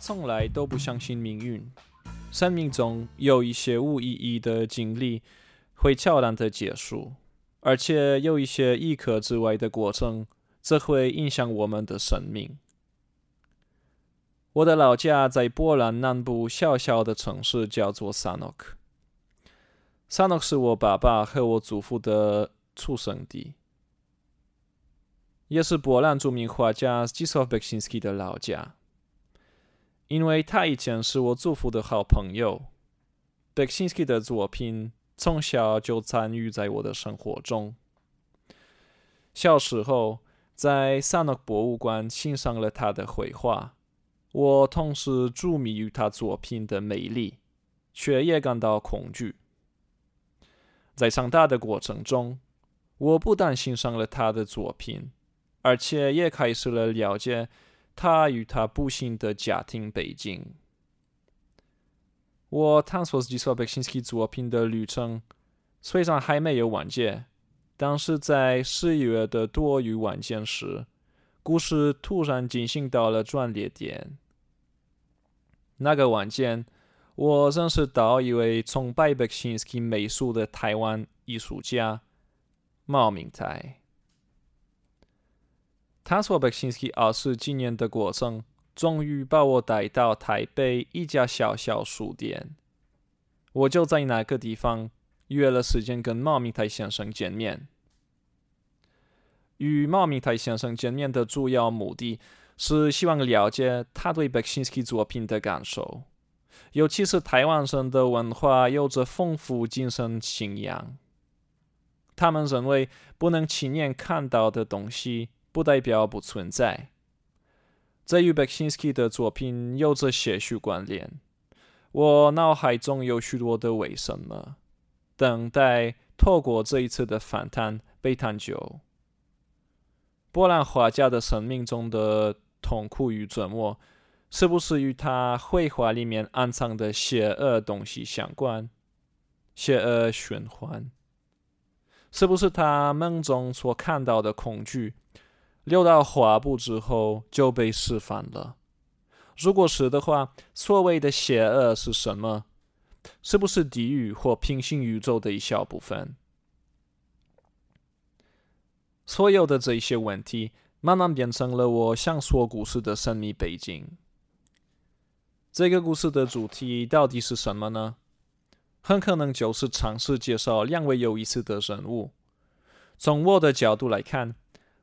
從來都不相信命運。生命中有一些無意義的經歷會悄然地結束，而且有一些意料之外的過程，則會影響我們的生命。我的老家在波蘭南部小小的城市，叫做薩諾克。薩諾克是我爸爸和我祖父的出生地，也是波蘭著名畫家 Zdzisław Beksiński 的老家。因為他以前是我祖父的好朋友，貝克辛斯基的作品從小就參與在我的生活中。小時候，在薩諾克博物館欣賞了他的繪畫，我同時着迷於他作品的美麗，卻也感到恐懼。在長大的過程中，我不但欣賞了他的作品，而且也開始了了解。他與他不幸的家庭背景。我探索自己說貝克辛斯基作品的旅程，雖然還沒有完結，但是在十一月的多雨晚間時，故事突然進行到了轉折點。那個晚間，我認識到一位崇拜貝克辛斯基美術的台灣藝術家——茆明泰。他說 Beksiński 二十幾年的過程，終於把我帶到台北一家小小書店。我就在那個地方約了時間跟茆明泰先生見面。與茆明泰先生見面的主要目的是希望了解他對 Beksiński 作品的感受，尤其是台灣人的文化有着豐富精神信仰。他們認為不能親眼看到的東西。”不代表不存在。這與 Beksiński 的作品有着些許關聯。我腦海中有許多的為什麼，等待透過這一次的訪談被探究。波蘭畫家的生命中的痛苦與折磨，是不是與他繪畫裡面暗藏的邪惡東西相關？邪惡循環，是不是他夢中所看到的恐懼？流到畫布之後就被釋放了。如果是的話，所謂的邪惡是什麼？是不是地獄或平行宇宙的一小部分？所有的這些問題慢慢變成了我想說故事的神秘背景。這個故事的主題到底是什麼呢？很可能就是嘗試介紹兩位有意思的人物。從我的角度來看。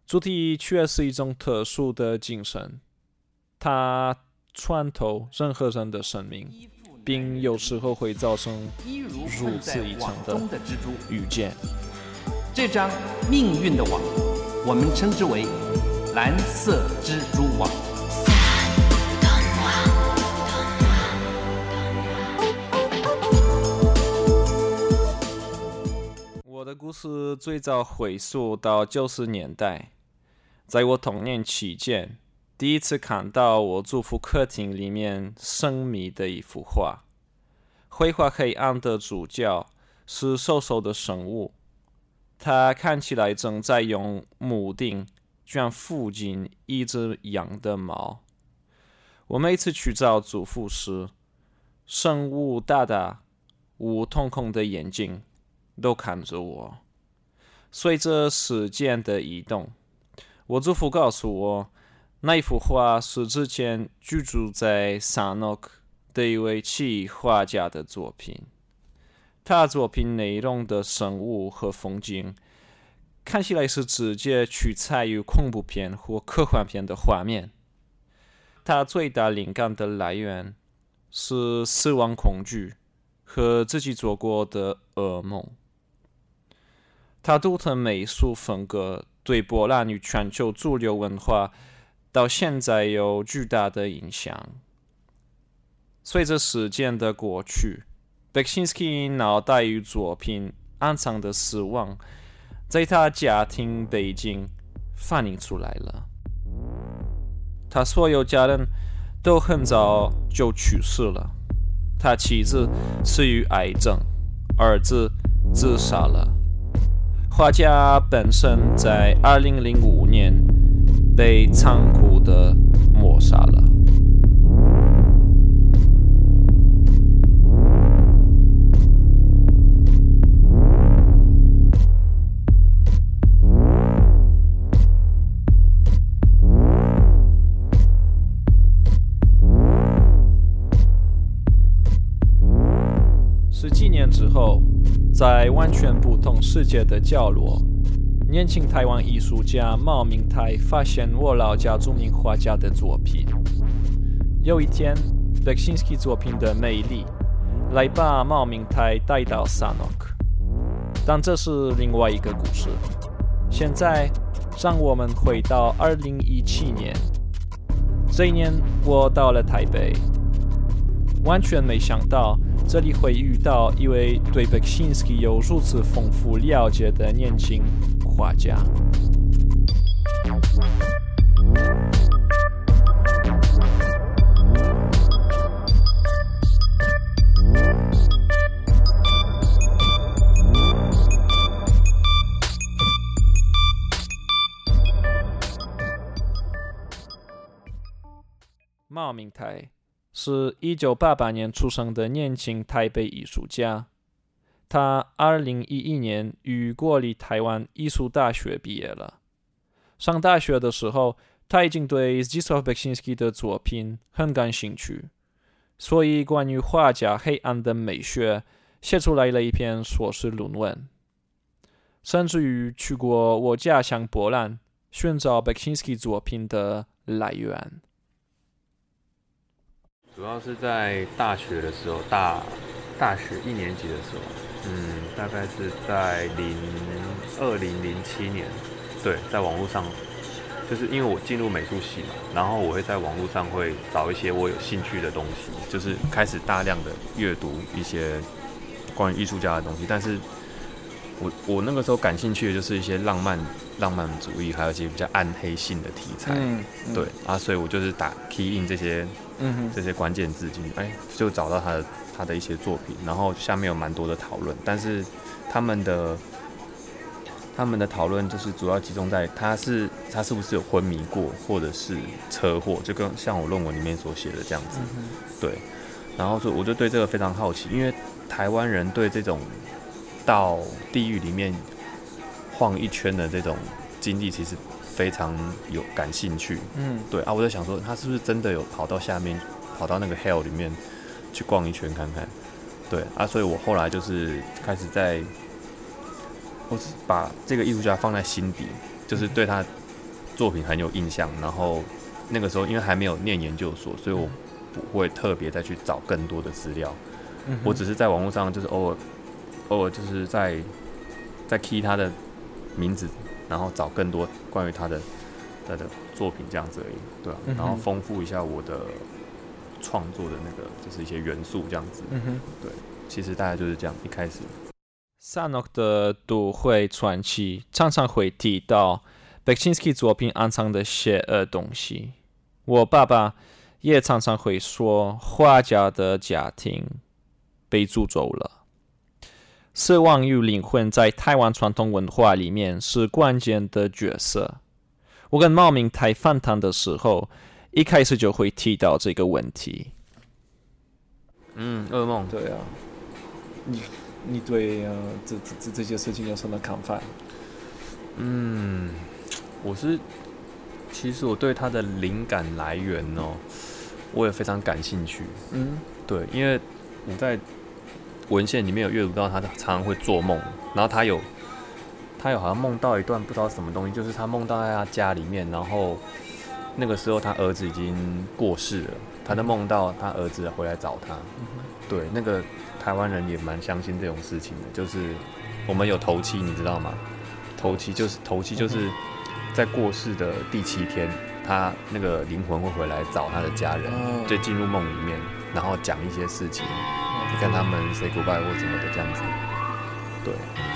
主題卻是一種特殊的精神，它穿透任何人的生命，並有時候會造成如此一場的遇見。這張命運的網，我們稱之為藍色蜘蛛網。我的故事最早回溯到九十年代。在我童年期間，第一次看到我祖父客廳裡面神秘的一幅畫。繪畫黑暗的主角是瘦瘦的生物，它看起來正在用木釘捲附近一隻羊的毛。我每次去找祖父時，生物大大無瞳孔的眼睛都看着我。隨着時間的移動。我祖父告訴我，那一幅畫是之前居住在薩諾克的一位奇畫家的作品。他作品內容的生物和風景看起來是直接取材於恐怖片或科幻片的畫面。他最大靈感的來源是死亡恐懼和自己做過的噩夢。他獨特美術風格。對波蘭與全球主流文化到現在有巨大的影響。隨着時間的過去，貝克辛斯基腦袋與作品暗藏的死亡在他家庭背景反映出來了。他所有家人都很早就去世了，他妻子死於癌症，兒子自殺了。畫家本身在二零零五年被殘酷地謀殺了。十幾年之後，在完全不同世界的角落，年輕台灣藝術家茆明泰發現我老家著名畫家的作品。有一天，Beksiński 作品的魅力來把茆明泰帶到 Sanok。但這是另外一個故事。現在，讓我們回到2017年，這一年我到了台北。完全沒想到，這裡會遇到一位對貝 n s k i 有如此豐富了解的年輕畫家。茂名台。是一九八八年出生的年輕台北藝術家。他二零一一年於國立臺灣藝術大學畢業了。上大學的時候，他已經對 Zdzisław Beksiński 的作品很感興趣，所以關於畫家黑暗的美學，寫出來了一篇碩士論文。甚至於去過我家鄉波蘭，尋找 Beksiński 作品的來源。主要是在大學的時候，大大學一年級的時候，嗯，大概是在零二零零七年，對，在網絡上，就是因為我進入美術系嘛，然後我會在網絡上會找一些我有興趣的東西，就是開始大量的閱讀一些關於藝術家的東西，但是。我我那個時候感興趣的，就是一些浪漫浪漫主義，還有一些比較暗黑性的題材，嗯嗯、對啊，所以我就是打 key in 這些、嗯、哼這些關鍵字進去，哎、欸，就找到他的他的一些作品，然後下面有蠻多的討論，但是他們的他們的討論就是主要集中在他是他是不是有昏迷過，或者是車禍，就跟像我論文裡面所寫的這樣子，嗯、哼對，然後所以我就對這個非常好奇，因為台灣人對這種。到地獄裡面晃一圈的這種經歷，其實非常有感興趣。嗯，對啊，我在想說，他是不是真的有跑到下面，跑到那個 hell 裡面去逛一圈看看？對啊，所以我後來就是開始在，嗯、我只把這個藝術家放在心底，嗯、就是對他作品很有印象。然後那個時候，因為還沒有念研究所，所以我不會特別再去找更多的資料。嗯、哼，我只是在網絡上就是偶爾。偶爾就是在在 key 他的名字，然後找更多關於他的他的作品這樣子而已，對吧、啊？嗯、哼然後豐富一下我的創作的那個，就是一些元素這樣子，嗯、哼對。其實大概就是這樣。一開始，Sanok 的都會傳奇常常會提到 Beksiński 作品暗藏的邪惡東西。我爸爸也常常會說，畫家的家庭被詛咒了。奢望與靈魂在台灣傳統文化裡面是關鍵的角色。我跟茆明泰訪談的時候，一開始就會提到這個問題。嗯，噩夢，對啊。你你對、啊、這這這這件事情有什麼看法？嗯，我是其實我對他的靈感來源哦，我也非常感興趣。嗯，對，因為我在。文獻裡面有閱讀到，他常常會做夢，然後他有，他有好像夢到一段不知道什麼東西，就是他夢到在他家裡面，然後那個時候他兒子已經過世了，他的夢到他兒子回來找他，嗯、哼對，那個台灣人也蠻相信這種事情的，就是我們有頭七，你知道嗎？頭七就是頭七就是在過世的第七天，他那個靈魂會回來找他的家人，就進入夢裡面，然後講一些事情。看他們 say goodbye 或怎麼的這樣子，對。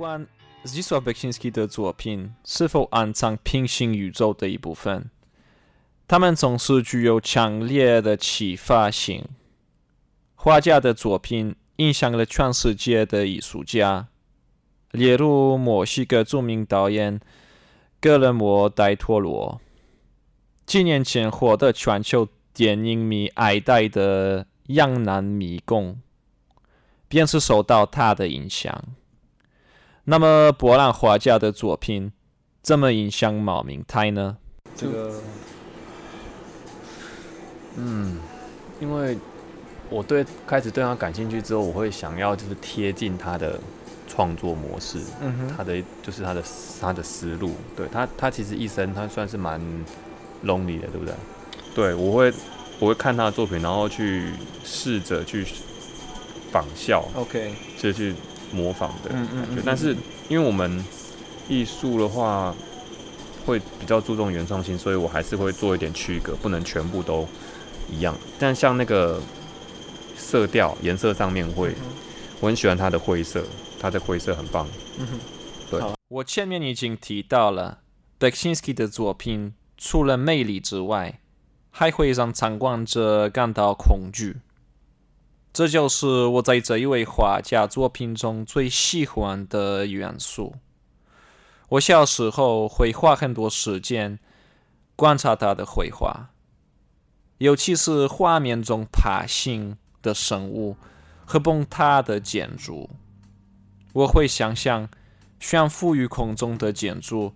不管 Zdzisław Beksiński 的作品是否暗藏平行宇宙的一部分，他們總是具有強烈的啟發性。畫家的作品影響了全世界的藝術家，例如墨西哥著名導演格倫莫戴托羅，幾年前獲得全球電影迷愛戴的《羊男迷宮》，便是受到他的影響。那麼，波蘭畫家的作品怎麼影響茆明泰呢？這個，嗯，因為我對開始對他感興趣之後，我會想要就是貼近他的創作模式，嗯哼，他的就是他的他的思路，對，他他其實一生他算是蠻 lonely 的，對不對？對，我會我會看他的作品，然後去試着去仿效，OK，就去。模仿的感覺，嗯嗯嗯、但是因為我們藝術的話會比較注重原創性，所以我還是會做一點區隔，不能全部都一樣。但像那個色調、顏色上面會，嗯、我很喜歡它的灰色，它的灰色很棒。嗯嗯、對，啊、我前面已經提到了 Beksiński 的作品除了魅力之外，還會讓參觀者感到恐懼。這就是我在這一位畫家作品中最喜歡的元素。我小時候會花很多時間觀察他的繪畫，尤其是畫面中爬行的生物和崩塌的建築。我會想象懸浮於空中的建築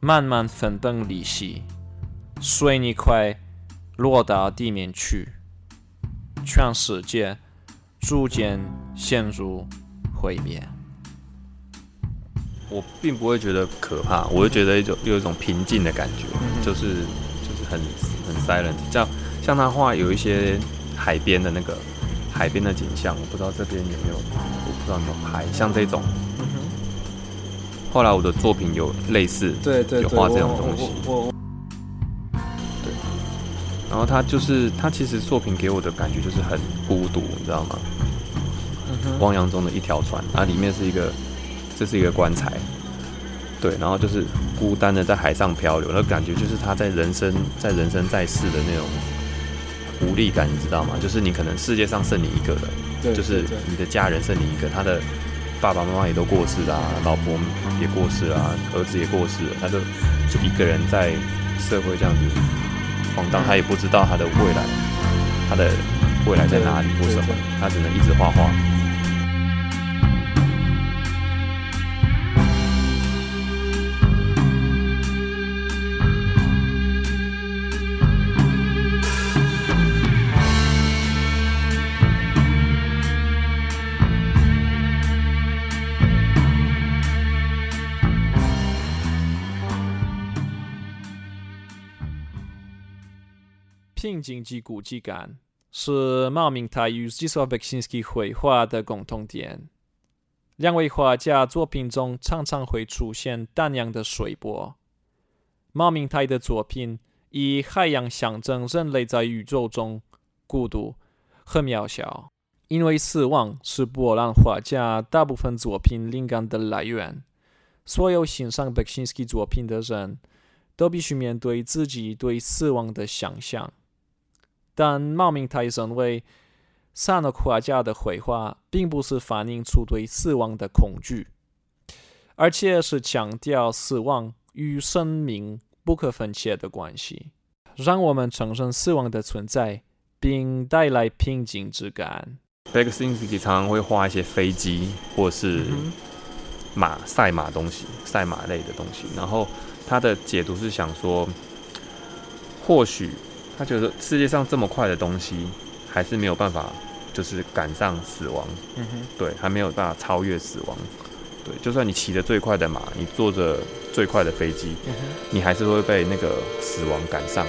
慢慢分崩離析，水泥塊落到地面去。全世界逐漸陷入毀滅。我並不會覺得可怕，我就覺得一種有一種平靜的感覺，嗯、哼就是就是很很 silent。像像他畫有一些海邊的那個、嗯、海邊的景象，我不知道這邊有沒有，我不知道有沒有拍。像這種，嗯、哼後來我的作品有類似，對，對對，有畫這種東西。然後他就是，他其實作品給我的感覺就是很孤獨，你知道嗎？嗯、哼汪洋中的一條船，啊，裡面是一個，這是一個棺材，對，然後就是孤單的在海上漂流，那感覺就是他在人生，在人生在世的那種無力感，你知道嗎？就是你可能世界上剩你一個，對就是你的家人剩你一個，他的爸爸媽媽也都過世了啊，老婆也過世了啊，兒子也過世了，他就就一個人在社會這樣子。荒唐，他也不知道他的未來，嗯，他的未來在哪裡，對對對，或什麼，他只能一直畫畫。性景及古蹟感是茆明泰與基蘇瓦·貝克辛斯基繪畫的共同點。兩位畫家作品中常常會出現蕩漾的水波。茆明泰的作品以海洋象徵人類在宇宙中孤獨和渺小，因為死亡是波蘭畫家大部分作品靈感的來源。所有欣賞貝克辛斯基作品的人都必須面對自己對死亡的想象。但茆明泰先生為薩諾誇爾加的繪畫，並不是反映出對死亡的恐懼，而且是強調死亡與生命不可分切的關係，讓我們承認死亡的存在，並帶來平靜之感。貝克辛斯基常常會畫一些飛機或是馬、賽馬東西、賽馬類的東西，然後他的解讀是想說，或許。他覺得世界上這麼快的東西，還是沒有辦法，就是趕上死亡。嗯、哼對，還沒有辦法超越死亡。對，就算你騎着最快的馬，你坐着最快的飛機，嗯、哼你還是會被那個死亡趕上。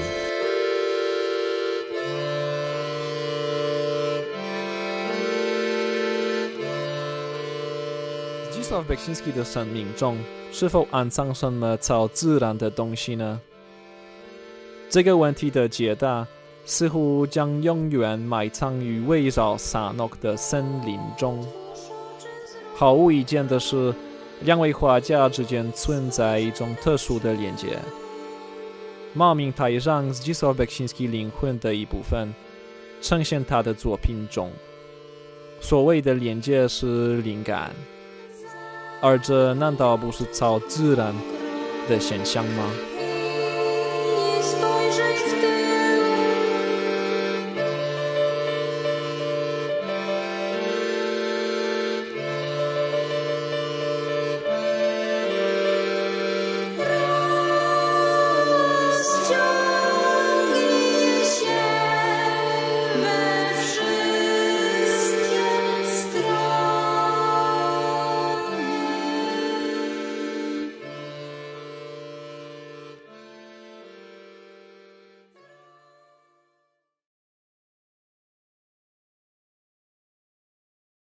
g u s t 克 v 斯 a 的生命中是否安葬什麼超自然的東西呢？這個問題的解答似乎將永遠埋藏於圍繞薩諾克的森林中。毫無疑問的是，兩位畫家之間存在一種特殊的連接。茆明泰上 Zdzisław Beksiński 靈魂的一部分呈現他的作品中。所謂的連接是靈感，而這難道不是超自然的現象嗎？